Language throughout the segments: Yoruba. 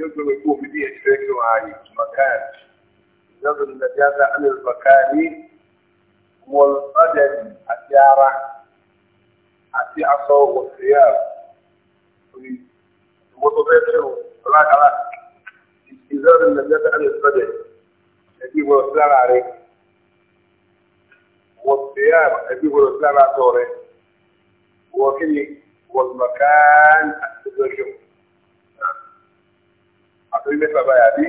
يلزم الوقوف به اشتراك وعالي مكان يلزم النجازة عن المكان والقدم الجارة àti aṣọ òṣèyà òní ìwọ́tọ̀ bẹ́ẹ̀ tẹ́lẹ̀ o lákàlá ìzẹ́rù nàìjíríà tẹ́lẹ̀ àlẹ́ ìsọ́dẹ̀ ẹbí wọ́n sí ara rẹ̀ òṣèyà ẹbí wọ́n sí ara tọ́ rẹ̀ wọ́n kí ni wọ́n mọ̀kán àti ìdọ́jọ́. àtòrí mẹ́ta báyà bí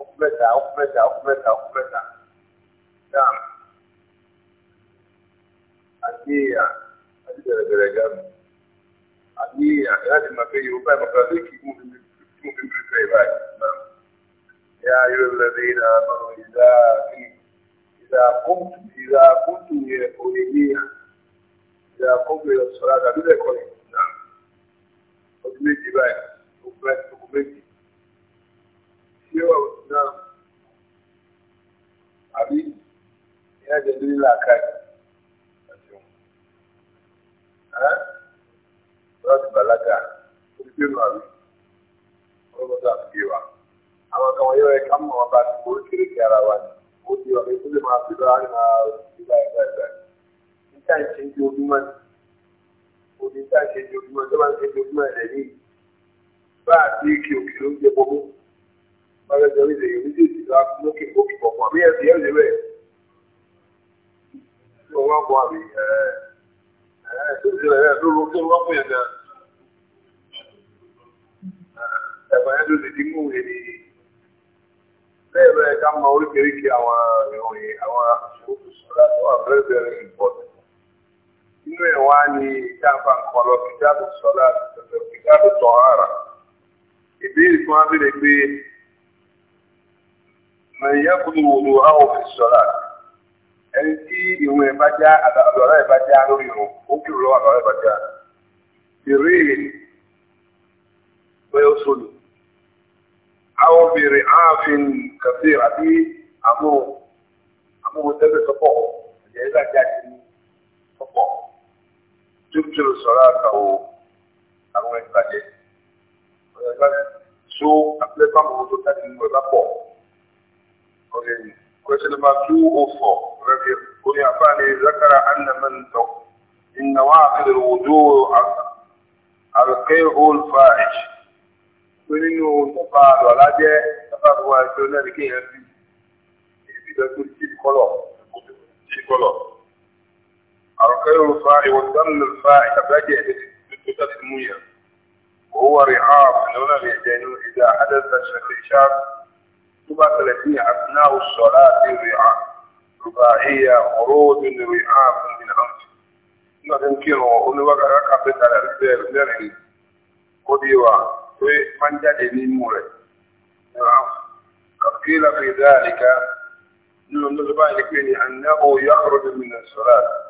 okùn mẹ́ta okùn mẹ́ta okùn mẹ́ta okùn mẹ́ta dam àti èèyàn àti bẹ̀rẹ̀bẹ̀rẹ̀ gánu àti èèyàn láti máa fẹ́ yorùbá ìmọ̀ká lé kí mo fi mo fi pèsè báyìí náà yà yóò lọ sí ìlà àbọ̀rọ̀ ìlà kí ìlà kóòtù ìlà kóòtù yẹ òye yíyà ìlà kóòtù yẹ sọ̀rọ̀ àdàbí lẹ́kọ̀ọ́ yìí. ju ojúmọ́ òní tá a ṣe ju ojúmọ́ tó bá ń ṣe ju ojúmọ́ rẹ̀ ní bá a ti kí òkè ló ń jẹ gbogbo bá a jọ ìrèyìn méjèèjì lọ lókè òkè pọ̀pọ̀ àbí ẹ̀sìn yẹn lè bẹ̀rẹ̀ tí wọ́n wá bọ̀ àbí ẹ̀ẹ́ tó ti rẹ̀ lóru tó wọ́n fún yẹn gan ẹ̀fọn yẹn tó ti dín mú yẹn ní bẹ́ẹ̀ bẹ́ẹ̀ ká mọ oríkèéríkèé àwọn ìròyìn àwọn àṣòwò tó sọ̀rọ̀ àti wà bẹ́ẹ̀ bẹ́ẹ̀ important nínú ẹ̀ wá ní ìjàmbá nǹkan lọ kí jáde sọ́lá àtẹ̀lẹ̀ kí jáde tọ̀ ara ìbéèrè fún abẹ́rẹ́ pé mẹ̀yẹ́ kúrò wòlò àwọn òfin sọ́lá ẹni tí ìwọ̀n ẹ̀ bá já àlọ́lá ẹ̀ bá já lórí ìrùn ó kúrò lọ́wọ́ àlọ́lá ẹ̀ bá já bèrè bẹ́ẹ̀ ó sọ̀lù àwọn bèrè ààfin kàfé àbí àmọ́ àmọ́ tẹ́lẹ̀ sọ́pọ̀ ẹ̀jẹ̀ ẹ̀ bá já sí sọ́pọ̀. تبتل صلاته àwọn ìgbàjẹ́ so apilẹ́pà mọ̀ tó tàbí ìwé lápọ̀ okay question number two oh four rẹ́bí orí àfáàní zakara annamantọ ìnáwó àfihàn òjò àrùkẹ́ old farish pé nínú tọ́pá àlọ́lá jẹ́ tọ́pá àbúrò àìsàn náà ní kéèyàn bí ibi ìdọ́tún tí kọ́lọ̀ الخير الفاعل والظن الفاعل راجع للتوتات المية وهو رعاب لولا الجنو إذا حدث الشخيشات تبعث التي أثناء الصلاة الرعاب رباعية عروض رعاف من أنف ما تنكره أن وقع ركعة على الرسال لرعي قديوة من جد من مولد قد قيل في ذلك أنه يخرج من الصلاة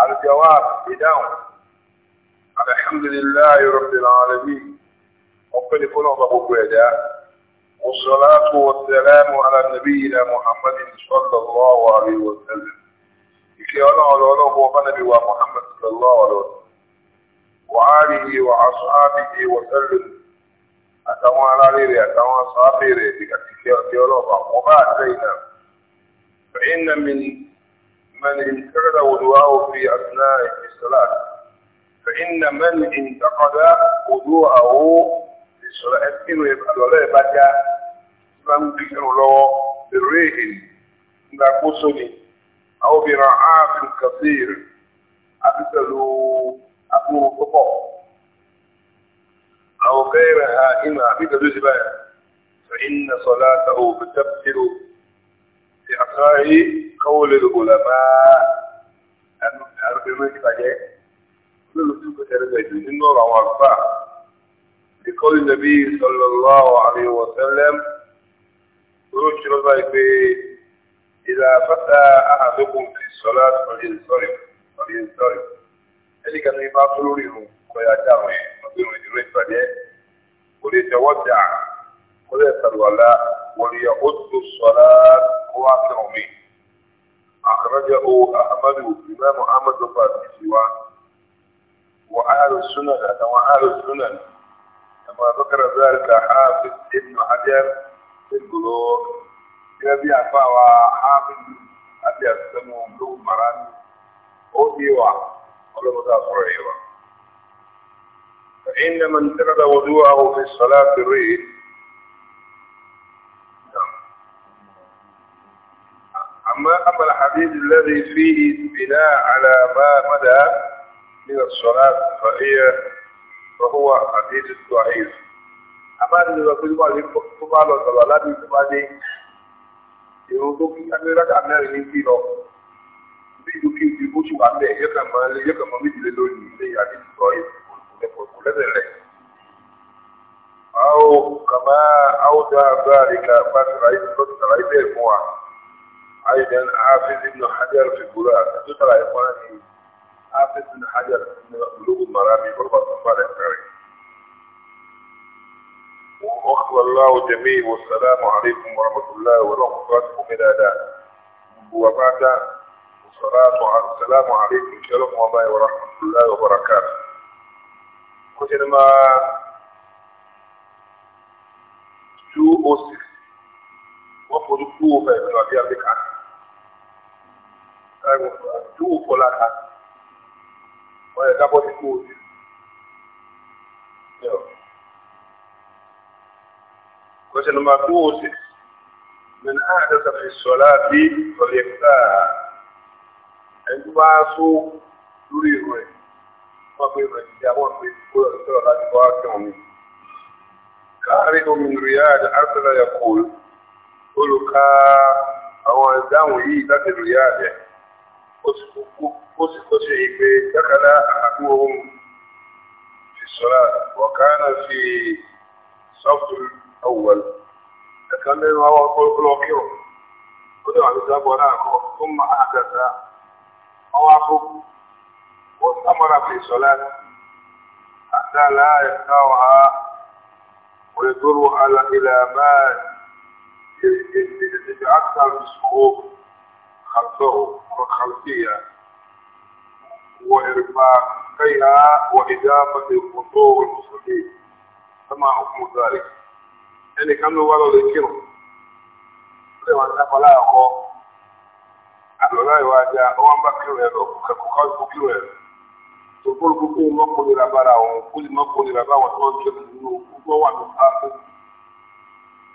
الجواب بدون الحمد لله رب العالمين وقل كل ضبط والصلاة والسلام على نبينا محمد صلى الله عليه وسلم إكي الله على الله ومنبي ومحمد صلى الله عليه وسلم وآله وأصحابه وسلم àtàwọn aráàlú rẹ̀ àtàwọn sọ́ábì rẹ̀ ìgbà tí kí ọlọ́ọ̀bà wọn bá من انتقد وضوءه في أثناء الصلاة فإن من انتقد وضوءه في الصلاة إنه يبقى ولا يبقى من ذكر له بالريه لا قصني أو برعاف كثير أبتلوا أبو فقه أو غيرها إما أبتلوا فإن صلاته بتبتل بأقراء قول العلماء أن أرغم كتاكي كل سوق ترغيت من نور وعرفاء لقول النبي صلى الله عليه وسلم روش رضاك إذا فتى أحدكم في الصلاة فلينصرف فلينصرف ذلك من ما أخرجه أحمد الإمام أحمد الفاتحي وأهل السنن وأهل السنن كما ذكر ذلك حافظ ابن حجر في القلوب كبي أفاوى حافظ أبي مران بلوغ المران أوديوا ولم تأخرجوا فإن من ترد وضوءه في الصلاة الرئيس أما أما الحديث الذي فيه بناء على ما مدى من الصلاة فهي فهو حديث ضعيف أما الذي يقول ما يقول ما صلى الله عليه وسلم يوضوك أن يرجع النار من كيلو بيدو كي تبوشو عنده يكا ما يكا ما مثل لوني زي حديث ضعيف أو كما أودى ذلك ما رأيت ما رأيت الموعد أيضا حافظ ابن حجر في القرآن تقرأ يا إخواني حافظ ابن حجر بلوغ المرامي بربع صفار الكريم وأخوى الله جميع والسلام عليكم ورحمة الله وبركاته من هذا وبعد السلام عليكم ورحمة الله ورحمة الله وبركاته كنت لما 206 وفرقوا فإبن أبي أبي كعب tí wò fọ́ lára wọ́n yẹ kábọ́ sí kó o sí. Question number two is من أحدث في الصلاة فليكفاها ẹni bá só lórí ìrọ̀ ẹ̀ wọ́n pe ìrọ̀ ìdí àwọn pé kó lọ sọ̀rọ̀ láti wá kàn mí. káàrí omi riyad arsala yakul olùka àwọn ìdáhùn yìí láti riyad ẹ̀ ó sì tó ṣe ìgbé dákàlá àkàkú ohun fi sọ́lá wọ̀kánà fi sọ́fù ọwọ́l ẹ̀kan lẹ́nu àwọn ọkọ̀lọ́kọ̀ ó dẹ̀ wà ní sábọ̀ náà kọ́ tó máa àgàtà ọwọ́ afọ́kù wọ́n sámọ́ra fi sọ́lá àtàlá ẹ̀ka ọ̀há ويدور على إلى ما يتعثر بالسحوب خلفه وخلفية وإرفاقها وإجابة الخطوة المستقيم كما حكم ذلك يعني كم ولو ذكره لما فلا يقول àlọ́lá ìwájà ọwọ́n bá kírun ẹ̀ lọ kẹ́kọ̀ọ́ kó kírun ẹ̀ tó bọ́ọ̀lù gbogbo mọ́kànlélá bára wọn kó lè mọ́kànlélá báwọn tó ń jẹ́ nínú gbogbo wà ní sáfù.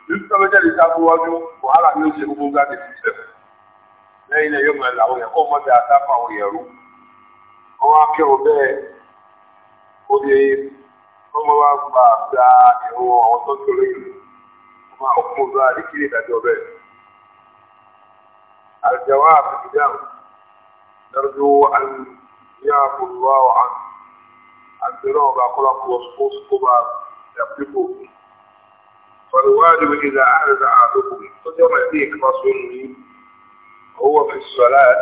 nítorí sọ́mọ́jáde sáfù wájú wàhálà ní oṣù gbogbo gáàdì sísẹ́fù lẹ́yìn náà yóò máa lọ àwọn ẹ̀kọ́ ọmọdé àtàkùn àwọn ẹ̀rú wọn á kẹ́wọ̀n bẹ́ẹ̀ ó lè ọmọ wa gba àgbà ẹ̀rọ àwọn tó ń tó lóyún ọmọ ọkùnrin ọba àdékìlì ìdájọ́ bẹ́ẹ̀. الجواب إذا نرجو أن يعفو الله عنه أن تنوب أخلاق وصفوص كبار يقلبه فالواجب إذا أعرض أحدكم فجمع ذيك مصيرني هو في الصلاة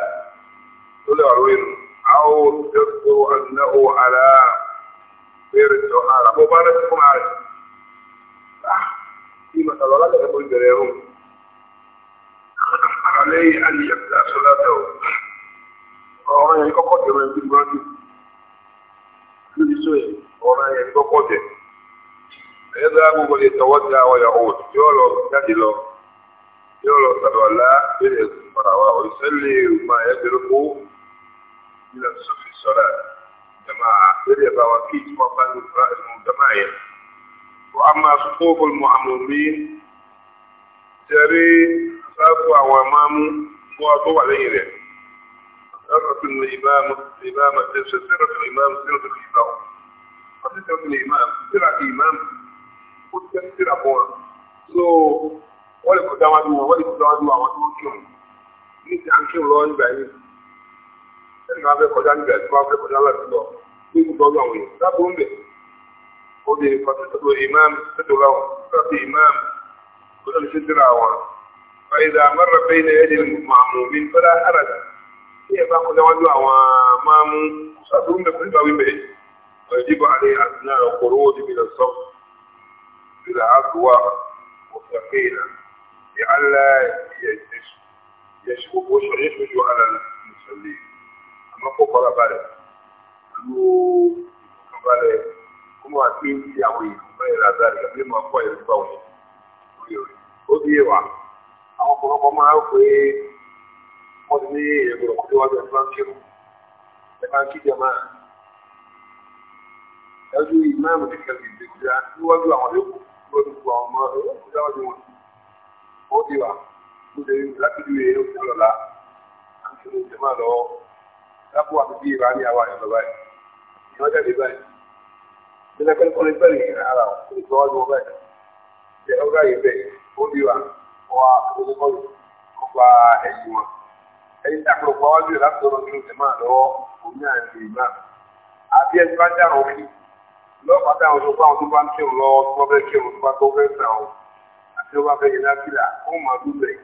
طلع وينه أو تبدو أنه على غير التوحيد مبارككم كما عارف في مسألة لا تقول جريهم عليه أن يبدأ صلاته ọ̀rọ̀ yẹn kọ́kọ́ jẹ́ rẹ̀ bíi gbọ́dọ̀ lórí sóyè ọ̀rọ̀ yẹn kọ́kọ́ jẹ́ ẹ̀yẹ́dọ́ agbègbè lè tọwọ́ sí yọ̀rọ̀ sàlọ́lá bẹ́ẹ̀ ẹ̀sùn fara wa ò sẹ́lẹ̀ máa yẹ bẹ̀rẹ̀ kó nílẹ̀ sọ́fì sọ́ra jama bẹ́ẹ̀ bá wa kí ìtumọ̀ bá ní fara ẹ̀sùn jama yẹ. wọ́n á máa sọ́kó bọ́l muhammadu jẹ́rí sáfù àwọn máàmú fún wa tó wà lẹ́yìn rẹ̀. سرة الإمام الإمام سرة الإمام سرة الإمام قد سرة الإمام سرة الإمام قد سرة so wọ́n lè kó dáwájú wọn wọ́n lè kó dáwájú àwọn tó ń kí òun ní ti à ń kí òun lọ́wọ́ nígbà yìí ẹni máa fẹ́ kọjá nígbà tí wọ́n fẹ́ kọjá láti lọ ní kó tọ́jú àwọn èèyàn lábò ń bẹ̀ ó lè fàtúntò ìmáàmù tètò láwọn fàtúntò ìmáàmù kó tó lè ṣe síra wọn. فإذا مر بين يدي المأمومين فلا حرج هي باخذ وجه ومام صدرون بالنسبة به ويجب عليه أثناء الخروج من الصف إلى عدوى وثقيلة لئلا يشوب ويشوش على المصلين أما فوق ولا بارد lu kabalẹ̀ kó máa fi ń di àwọn èèyàn bẹ́ẹ̀ ládàrí àbí máa kọ́ ẹ̀rí bá wọn lórí rẹ̀ ó bí wà àwọn ọ̀pọ̀lọpọ̀ máa ń pè é wọ́n ti ní ẹ̀gbọ̀n kó tó wá bẹ̀rẹ̀ bá ń kírun ẹ̀ bá ń kí jẹ̀má ẹ̀jú ìmáàmù ti kẹ́kẹ́ àwọn yòókù lórí gbogbo àwọn ọmọ ẹ̀rọ ìdáwọ́jú wọn ó ti wà ó lè láti lu èrè òkú lọ́la à ń tún ìjọba lọ lápò àti bí ìbá ní àwa ìjọba báyìí ìwọ́n jáde báyìí ìjọba kọ́lé bẹ́ẹ̀ ní ara ò ní ìjọba ọdún báyìí ìjọba ọgá yìí bẹ́ẹ̀ ó ti wà wà olùkọ́lù ọgbà ẹ̀yìn wọn ẹ̀yìn tí àpòlọpọ̀ wájú rẹ̀ láti lọ́dún tó jẹ̀má lọ́wọ́ òun náà ti ìmá àbí ẹni bá dára òfin lọ́pàá dáhùn tó bá wọn tó bá ń kírun lọ tí ó bá fẹ́ yẹn lápìlà ó máa lù rẹ̀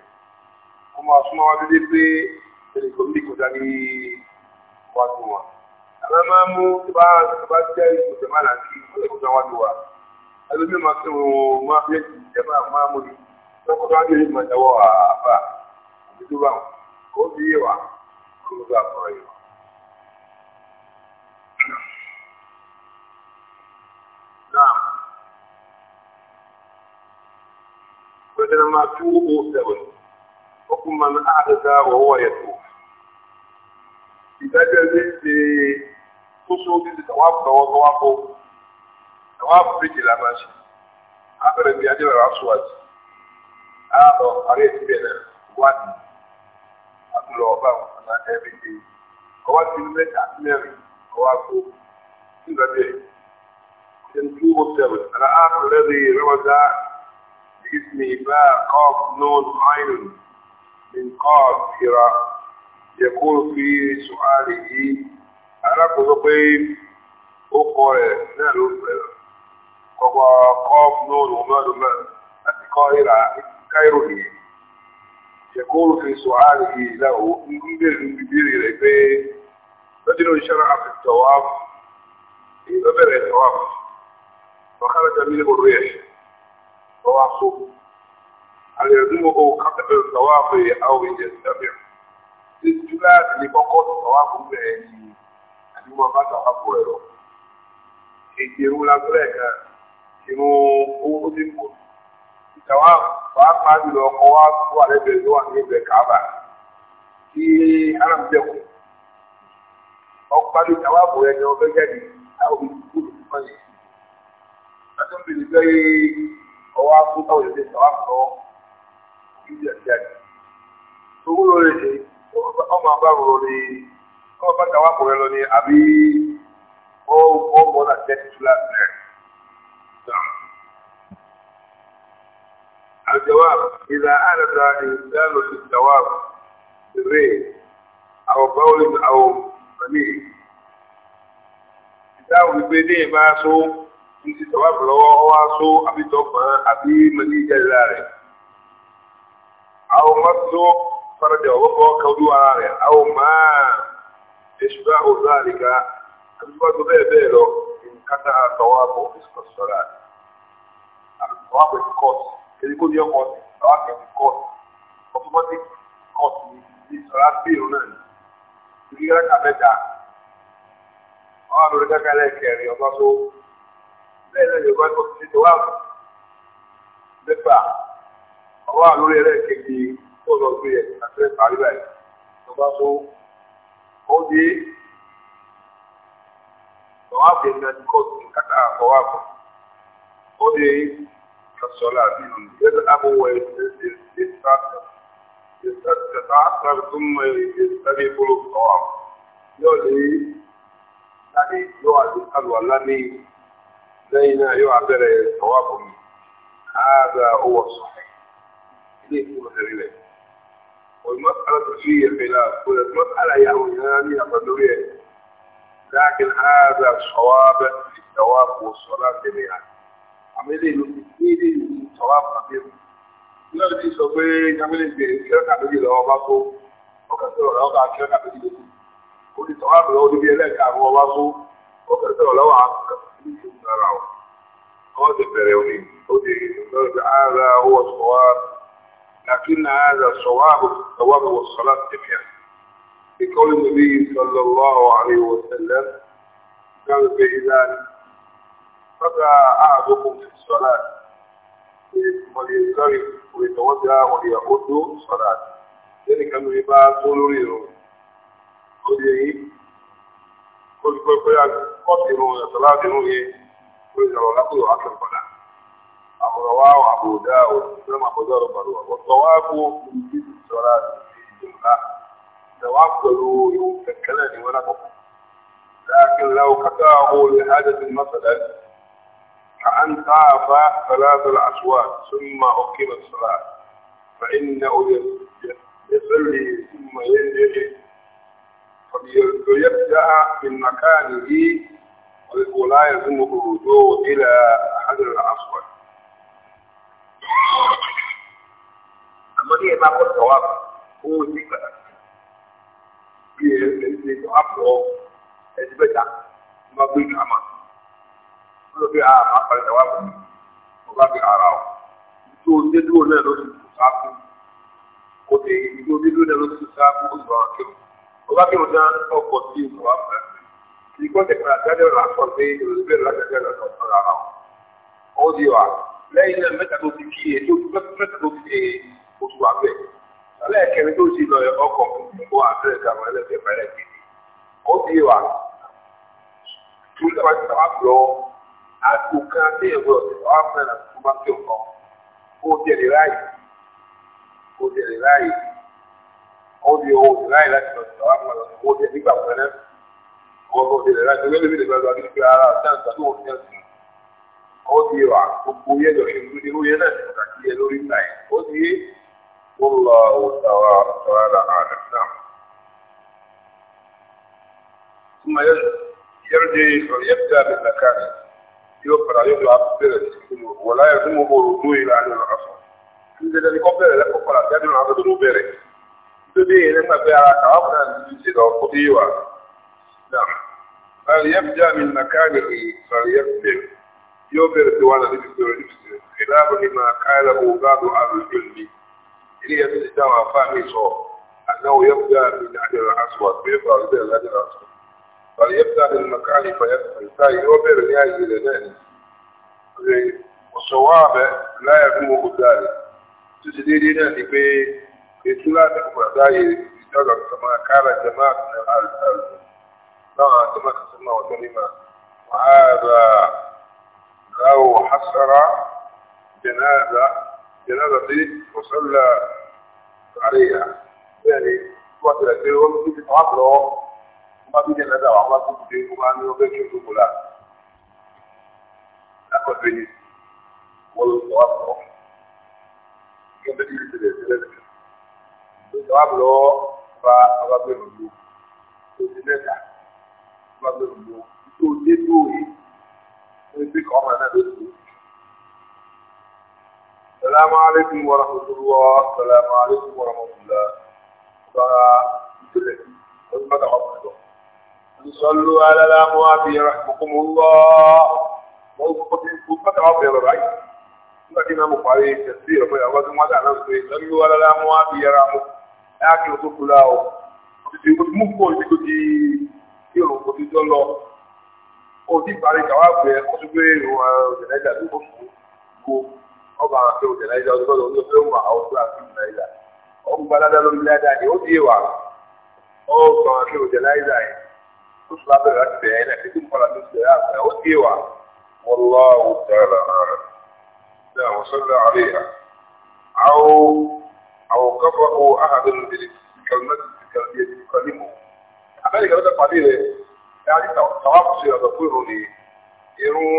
ó máa súnmọ́ wá dédé pé tẹlifọ̀n ní kò dání wá tó wọn. àwọn máa mú tí bá bá jẹ́ ipò tẹ̀ máa làǹkì ó kò dán wá tó wa. ẹlòmíì máa fi wọn máa fi ẹ̀sìn ìjẹ́ máa máa mú ni lọ́kọ̀ tó wá dé ìmọ̀ ìdáwọ́ àbá àbí tó bá wọn kò bí yé kó bá àkọ́rọ̀ yìí. number 207 hukum man ahdatha wa huwa yatub ìdájọ́ ilé ṣe tó ṣó bí ti tàwa bọ̀wọ́ kọ́wá bọ́ tàwa bíríkì lànà ṣe abẹ́rẹ́ bí adé rẹ̀ aṣọ́wájú àlọ́ àrí ètí bẹ̀rẹ̀ wá ní àtúlọ̀ ọba ọ̀nà ẹ̀ẹ́dẹ́gbẹ̀ ọwá ti mẹ́ta mẹ́rin ọwá kó nígbà bẹ́ẹ̀ ṣe ń tú ó sẹ́wọ̀n àlọ́ àtúlẹ̀ rẹ̀ rẹ̀ wọ́n dáa. اسم باء قاف نون عين من قاف يقول في سؤاله أنا قضبي أقوى نالو قضى قاف نون ومال ما القاهرة كايروه يقول في سؤاله له انبر انبر إليه رجل شرع في التواف إذا بدأ التواف وخرج منه الريح طوافه هل يلزمه قطع الطواف أو يستمع الجلاد اللي بقول طواف بعيني أن هو ما تحبه له يجيروا لك كانوا قوتهم طواف طواف ما بلو قواف وعلى بلوان يبقى كعبة في ألم بيكم ọparí tàwáàbò ẹni ọgbẹ́jáde àwọn olùkúlù fún ẹ̀yìn. Látọ́bìnrin bẹ́ẹ̀ ọwọ́ akúntà òyìnbó ìtàwá kọ́ ìdí àti àti. Owó lórí ṣe ọmọ agbáwo lórí ọmọ bá tàwa kọ̀ lọ ní àbí ọgbọ́n àti ẹ̀sìn tún láti rẹ̀. الجواب إذا أردت الإنسان الجواب بالريح أو قول أو فميه. Ìdáhùn ìgbé ní ìmáa títí tọ́wábù lọ́wọ́ ọwá só àbítọ́gbọ̀n àbí mẹ́lí ìjẹ́lá rẹ̀ àwọn mọ́tò farajà ọ̀wọ́pọ̀ kọlu ara rẹ̀ àwọn máa èṣùgbà òzá àríkà àbíkọ́tò bẹ́ẹ̀ bẹ́ẹ̀ lọ kátà tọ́wábù ìsọ̀sọ̀rà àbíkọ́tò kọ́ọ̀tù èdèkó ní ọkọ̀ tọ́wábù kọ́ọ̀tù automatic kọ́ọ̀tù ní sọ̀rọ̀ àbíyàn náà ní ìgbéra kàmẹ́ta ọ̀rọ̀ rẹ̀ kẹ́kẹ́ bẹ́ẹ̀ náà yorùbá tó ti ṣe wà mẹ́fà ọwọ́ àlórí ẹ̀rẹ́ kejì tó lọ gbé ẹ̀ àti ẹ̀fà rí báyìí tó bá tó ó di ọwọ́ àbẹ̀ náà ní kóòtù kàtà ọwọ́ àbọ̀ ó di kàṣọlá bí nù yẹ́dọ̀ àbọ̀wọ̀ ẹ̀ ṣe ṣàtàkùn túnmọ̀ ẹ̀ ṣàbí ìpolówó ọwọ́ yóò lè láti yóò àti àlùwàlá lẹ́yìn náà yóò abẹ́rẹ́ ọwọ́pọ̀ mi ààbà owó sọ ilé ìfún ọ̀sẹ̀rí rẹ̀ olùmọ́sára tó fi ẹ̀fẹ̀ náà olùmọ́sára yàwó ìyára ní àpàdórí ẹ̀ láàkín ààbà sọ̀wábà ìtawàpọ̀ sọ̀rọ̀ àtẹ̀lẹ̀ yà àmì ilé ìlú ní ilé ìlú sọ̀wábà bẹ́ẹ̀ lọ́wọ́ ti sọ pé jámílì gbé kíọ́kà méjì lọ́wọ́ bá tó lọ́wọ́ bá lọ́wọ́ ara o wọ́n ti bẹ̀rẹ̀ òní لكن هذا صواب الثواب والصلاة جميعا لقول النبي صلى الله عليه وسلم في إذان فقع أحدكم في الصلاة ولينصرف ويتوضأ وليعد صلاة ذلك من يبقى طول ريره يتلازموا إيه ويزروا لقضوا عصر فلا أبو رواه أبو داود سلم أبو دار بروه والطواف من جد الصلاة في الجمعة طواف قالوا يوم كالكلاني لكن لو قطعه لحاجة مثلا كأن طاف ثلاث الأسواق ثم أقيم الصلاة فإنه يصلي ثم ينجح فليبدأ من مكانه ولا يلزمه الرجوع إلى حجر الأسود أما هي ما قلت صواب هو ذكر في أبو أثبت ما بيك أما ló fi àrà àpàlẹ̀ wà fún mi mo bá fi àrà o tó o dédúró náà ló ti tù sáfù kò tẹ̀ èyí tó o dédúró náà ló ti tù sáfù o sọ̀rọ̀ kí o mo bá fi òun dá ọkọ̀ sí ìmọ̀ wà fún ẹ si conta che la terra la forza e lo spero la terra la forza odio a lei non mette tutti chi e tu mette tutti e o tu a lei che mi dici lo ho comprato a tre da me le per le chi a tu la vai a pro a tu cate e bro a me la tu ma che o te li rai o te li rai odio o te rai la tu a me o te li va bene wọ́n bọ̀ sílẹ̀ láti wẹ́lẹ́ mi lè bá lọ́wọ́ nípa ara àtàǹtà tó wọ́n fi hàn sí ó ti wà gbogbo yẹn lọ ìlú ni ó yẹ náà ti kà sí lórí ńlá yẹn ó ti yé ó lọ òtàwà òtàwà là àná náà. ثم يرجع فليبدأ بالمكان يقرأ يقرأ بالسكون ولا يلزمه الرجوع إلى أهل الأصل عند ذلك قبل لا يقرأ يدل على ذنوبه بدي لما بيع كعبنا الجنس إذا قضيوا نعم هل يبدأ من مكانه فليبدأ يوبر سوانا لبسر نفسه خلاف لما قاله بعض أهل العلم إلي يستجمع فاميسه أنه يبدأ من أجر الأسود ويبقى بين الأجر الأسود فليبدأ من مكان فيبقى يوبر لأجل ذلك والصواب لا يكون ذلك تجديد ذلك في إطلاق الأعداء إذا كما قال جماعة الألف طبعا آه، كما كسرنا وكلمة وهذا لو حسر جنازة جنازة وصلى عليها يعني وقت الأخير وقت الأخير وما في جنازة وعلى كل شيء وما في جنازة شيء في أكل فيه به والغرب كبير في الثلاثة الغرب له فغرب له السلام عليكم ورحمة الله السلام عليكم ورحمة الله فأنتم حفظه صلوا على الأموات يرحمكم الله موقف فتح عبير الرأي لكن مقاري كثير في الله دعنا صلوا على الأموات يرحمكم لكن ọba àwọn akéwò jẹ lẹjọ ọdún gbọ́dọ̀ ọdún fẹẹ wà àwọn tó àti ìgbà ìlà ọmọ gbalada ló ń bí ládàá ni ó di ìwà ó sọ àwọn akéwò jẹ láìlà yìí ó sọ abẹ́rẹ́ láti bẹ̀rẹ̀ ẹ̀ lẹ́yìn tó ń kọ́ra tó ti bẹ̀rẹ̀ àgbẹ̀ ó di ìwà والله تعالى أعلم لا وصلى عليها أو أو قرأ أحد بالكلمة يتكلمه أمريكا بدأ قليلا يعني توقف سيرة تقول لي irun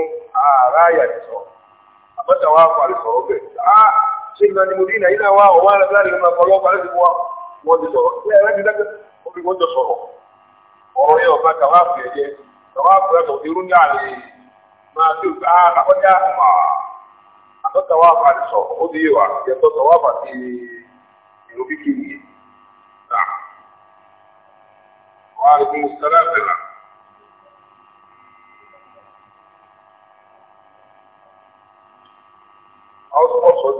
ààrá yàtọ̀ àbáta wa kọ àlùfọ ọbẹ a ṣé ìgbà ni mo dín náà yìí náà wá ọwọ́ àlẹ láti lè máa fọlọ́ balẹ̀ fún wa wọ́n ti sọ̀rọ̀ ṣé ẹ̀rẹ́ ti dákẹ́ omi wọ́n jọ sọ̀rọ̀ ọ̀rọ̀ yẹn ọba tàwa fìyẹ jẹ tàwa fìyẹ sọ irú ní àlè máa ah, tó a àkọjá mà àtọ́ta wa fà sọ alaikum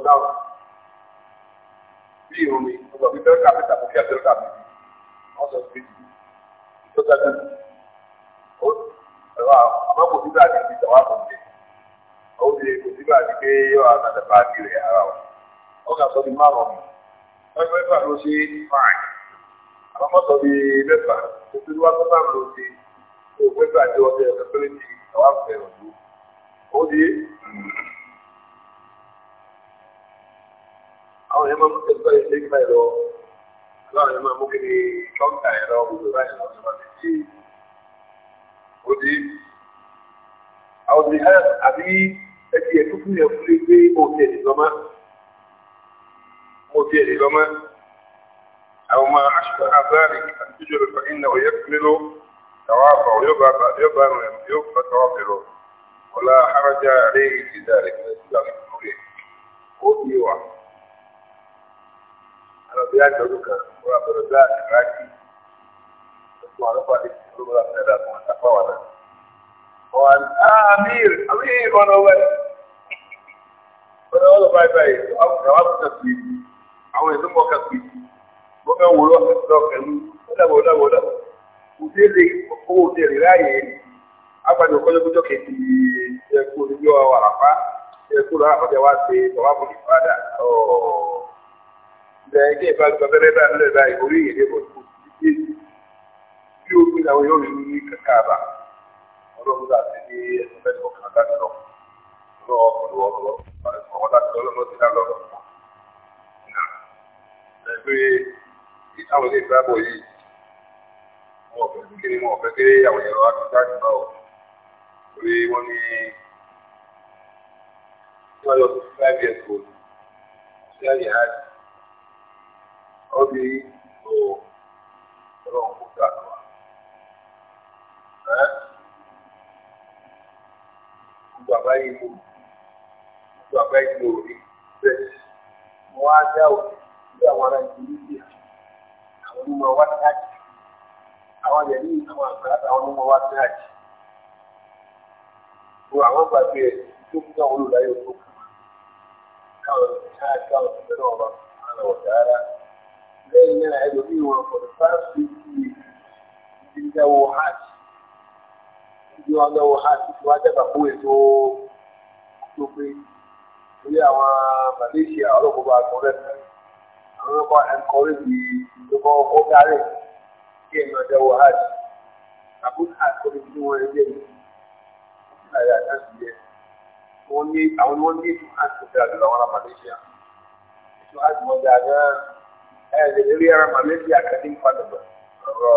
náà bí irun mi mo sọ fún bẹ́ẹ̀ kápẹ́tà mo fi àbẹ̀rẹ̀ kà mí wọ́n sọ fún mi tó tẹ́tẹ́ mi ó ẹ̀rọ àmọ́ kò síbà ní ìdíjà wà fún mi ó ti kò síbà ní pé yóò wá sàdẹ̀ bá kiri ara wa ó kà sọ fún márùn mi wọ́n fẹ́ fà ló ṣe fáìn àwọn mọ́tò bíi mẹ́fà tó ti wá tó fáìn ló ṣe tó fẹ́ fà tí wọ́n ti ẹ̀ka pẹ́lẹ́tì àwọn afẹ́ òdu ó di. àwọn yẹn máa mú kí n sọ̀rọ̀ ilé ìgbà ẹ̀rọ aláwọ̀ yẹn máa mú kí ni kọ́ńtà ẹ̀rọ gbogbo báyìí lọ́wọ́ nípa ti di òdi àwọn òdi àbí ẹtì ẹ̀tú fún yẹn fún lè gbé òdi ẹ̀dì lọ́mọ òdi ẹ̀dì lọ́mọ àwọn ọmọ aṣọ àbáàrí àtijọ́ rẹ̀ fún iná òye mílò tàwáfà yóò bá yóò bá rẹ̀ yóò bá tàwáfà rẹ̀ wọlá àrájá rẹ̀ ìdí dáre ní ìdílé àgbẹ̀ òdi wa. àlọ́bí àjọ̀dún kan ọ̀rọ̀ àbọ̀dọ̀dá ìrákì ẹ̀kọ́ àlọ́pàá ní ìṣòro àtẹ̀dá fún àtàkọ́ wà náà. Ah, wọ́n á amír amír ọ̀nà wẹ̀ ọ̀nà ọ̀nà báyìí báyìí àwọn àkùnà sí i àwọn èso mọ̀ọ́kà sí i wọ́n fẹ́ wúlọ́ ọ̀sẹ̀ pẹ̀lú ọ̀dàbọ̀ ọ̀dàbọ̀ ọ̀dàbọ̀ òdèlè owó òdèlè láàyè agbàdo kọ́jọ́kọ́jọ́ kejì ẹ̀kú oníjọ́ àràfá ẹ̀kú lọ́wọ́ àfọ̀jẹ́ wá sí ọ̀wá fún ìfàdà lẹ́yìn tí ìfà gba fẹ́rẹ́ bá lẹ̀ báyìí orí èdè bọ̀ tó ti dé bí o gbé àwọn yóò rí ní kàkà àbá ọlọ́run múlá ti dé ẹ̀sùn bẹ́ẹ̀ ní ọkàn láti lọ lọ ọ̀pọ̀lọ ọ̀rọ̀ ọ̀wọ́ láti lọ lọ́nà ti dá lọ́rọ̀ náà pé àwọn ilé ìfúrábọ̀ yìí wọn ọ̀fẹ́ kékeré wọn ọ̀fẹ́ kéré àwọn ẹ̀rọ akíkà àgbà ọ̀ pé wọ́n ní wọ́n lọ sí five years old ṣé àyè á ti obìnrin tó ọlọ́run kó dànù wa. gbogbo àbáyé mo gbogbo àbáyé mo rí bẹ́ẹ̀ mo wá dá òkè sí àwọn ará Nàìjíríà àwọn onímọ̀ wá sáàjì àwọn yẹn ní àwọn àgbà àwọn onímọ̀ wá sáàjì gbogbo àwọn gbàgbé ẹ̀ tó kú àwọn olùdarí òkú káwọn ìṣáájú àwọn ìṣẹ́lẹ̀ ọba àwọn lẹ́yìn náà ẹlòmíì wọn kò ní fásitì yìí ti ń dẹ́wọ́ hajj ti wọ́n lọ́wọ́ hajj tí wọ́n dẹ́gbà fún ètò tó pé orí àwọn Malaysia ọlọ́kọ̀ọ́bà tó rẹ̀ àwọn ọkọ̀ ẹ̀ńkọ́rẹ́ bí ọkọ̀ ọkọ̀ dárẹ̀ kí ẹ̀ máa dẹ́wọ́ hajj àbúrò àkọ́rẹ́ tí wọ́n ń lé yìí àyà àtàkùn yẹ wọ́n ní àwọn ni wọ́n ní ètò hajj tó dára jùlọ àwọn Malaysia ètò hajj wọn dára náà ẹ̀ẹ́dẹ̀ẹ́dẹ́ ara màmí bí àkàdé ń padà bọ̀ ọ̀rọ̀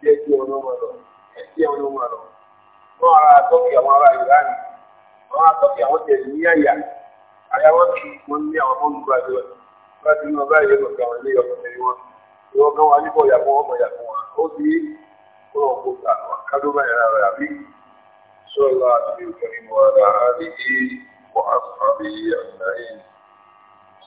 ilé ẹjọ́ olóhùn ọ̀rọ̀ ẹ̀jẹ̀ olóhùn ọ̀rọ̀ wọ́n ara àtọ́kì àwọn ará ìran wọ́n àtọ́kì àwọn tẹ̀lé ní àyà àyà wọn kì í wọ́n ní àwọn fóònù gbàgbé wọn bá ti ní ọba ìyẹn lọ́kàn àwọn ilé ọkọ̀ tẹ̀lé wọn ìwọ kan wà nípa ìyàpọ̀ ọmọ ìyàpọ̀ wọn ó di kúrò òkúta kádùbà ìran rẹ̀ àbí sọ́ọ̀lá àti ìkẹrin wọn àdáhà